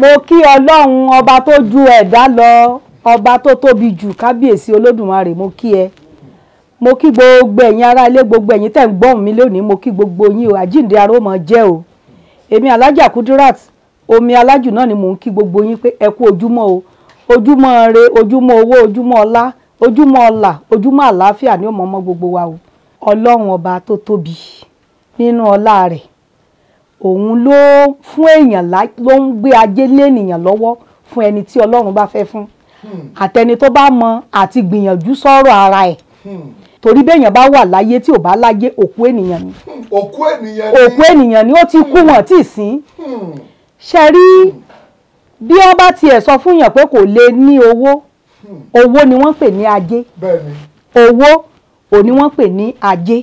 mo kí ọlọ́run ọba tó ju ẹ̀dá lọ ọba tó tóbi jù kábíyèsí olódùmarè mo kí ẹ mo kí gbogbo ẹ̀yin ará ilé gbogbo ẹ̀yin tẹ̀ ń gbọ́hùn mi lónìí mo kí gbogbo yín o àjíǹde aró mọ̀ jẹ́ o èmi alájà kudirat omi alájù náà ni mò ń kí gbogbo yín pé ẹ kú ojúmọ́ o ojúmọ́ re ojúmọ́ owó ojúmọ́ ọlá ojúmọ́ ọlà ojúmọ́ àlàáfíà ni ọmọ mọ̀ ọmọ gbogbo wa o ọlọ́run ọba tó tóbi nínú ọlá rẹ̀ òun ló fún èèyàn ló ń gbé ajé lénìyàn lọ́wọ́ fún ẹni tí ọlọ́run bá fẹ́ fún hmm. àtẹni tó bá mọ àti gbìyànjú sọ̀rọ̀ ara ẹ̀ hmm. torí béèyàn bá wà láyé tí ò bá láyé òkú ènìyàn ni hmm. òkú ènìyàn ni òkú ènìyàn ni ó ti kú wọn tí ì sín ṣe rí bí wọ́n bá tiẹ̀ sọ fún yàn pé kò lè ní owó owó ni wọ́n pè ní ajé owó òní wọ́n pè ní ajé.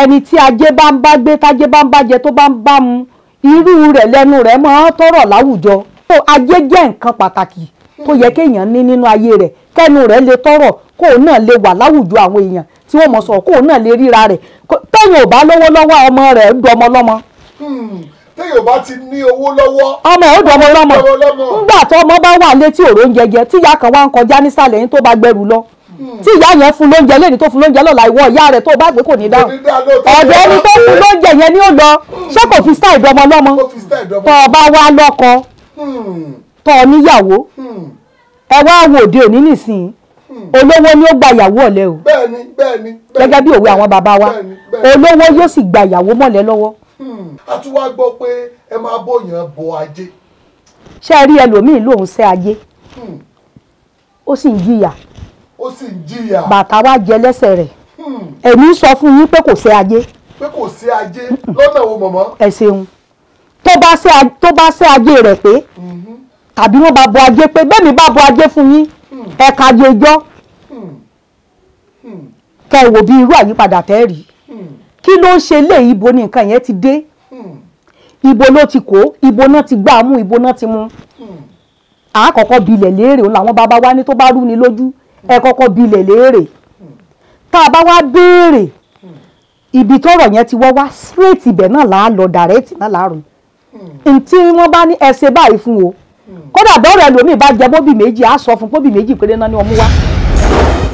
ẹni tí ajé bá ń bá gbé tájé bá ń bàjẹ́ tó bá ń bá mu irú rẹ̀ lẹ́nu rẹ̀ máa ń tọrọ láwùjọ tó ajé jẹ́ nǹkan pàtàkì tó yẹ kéèyàn ní nínú ayé rẹ̀ kẹ́nu rẹ̀ lè tọrọ kó o náà lè wà láwùjọ àwọn èèyàn tí wọ́n mọ̀ sọ̀rọ̀ kó o náà lè ríra rẹ̀ tẹ́yìn ò bá lówó lọ́wọ́ ọmọ rẹ̀ dọmọ lọ́mọ hmm, téèyàn bá ti ní owó lọ́wọ́. ọmọ ò dọmọ ọmọ bá tí ìyá yẹn fún lóúnjẹ lẹ́ni tó fún lóúnjẹ lọ́la ìwọ ìyá rẹ̀ tó bá gbé kò ní dáhùn ọ̀dọ̀ ẹni tó fún lóúnjẹ yẹn ni ó lọ ṣé kò fi style ìdọ́mọ lọ́mọ tó o bá wá lọ́kọ tó o níyàwó ẹ wá wo òde òní nísìnyí olówó ni ó gba ìyàwó ọ̀lẹ́ o gẹ́gẹ́ bí òwe àwọn bàbá wa olówó yóò sì gba ìyàwó mọ̀lẹ́ lọ́wọ́. a tún wá gbọ́ pé ẹ máa bóyàn bọ ajé. ṣé ẹ rí ẹlòmíín lòún ṣe ajé hmm. ó sì ń jìyà ó sì ń jìyà. bàtà wa jẹ lẹ́sẹ̀ rẹ̀ hmm. ẹ̀mí sọ fún yín pé kò sí ajé. pé kò sí ajé lọ́nà wo mọ̀mọ́. ẹ ṣeun tó bá ṣe ajé rẹ̀ pé mm-hmm. tàbí wọ́n bá bọ ajé pé bẹ́ẹ̀ni bá bọ ajé fún yín hmm. ẹ̀ka ajéjọ́ hmm. kẹ wò bí irú àyípadà tẹ́ rí kí ló ń ṣe lé ibo ni nǹkan yẹn ti dé ibo ló ti kó ibo náà ti gbá mú ibo náà ti mú àkọ́kọ́ bilẹ̀ léèrè òun làwọn bàbá wa ní tó bá rú ni lójú ẹ kọ́kọ́ bilẹ̀ léèrè tá a bá wá béèrè ibi tọrọ yẹn ti wọ wá straight ibẹ̀ náà là á lọ direct náà là á rùn ntí bá ní ẹsẹ báyìí fún o kódà bọ́ọ̀rọ̀ ẹlòmíì bá jẹ mọ́bì méjì á sọ fún méjì péré náà ni mú wá.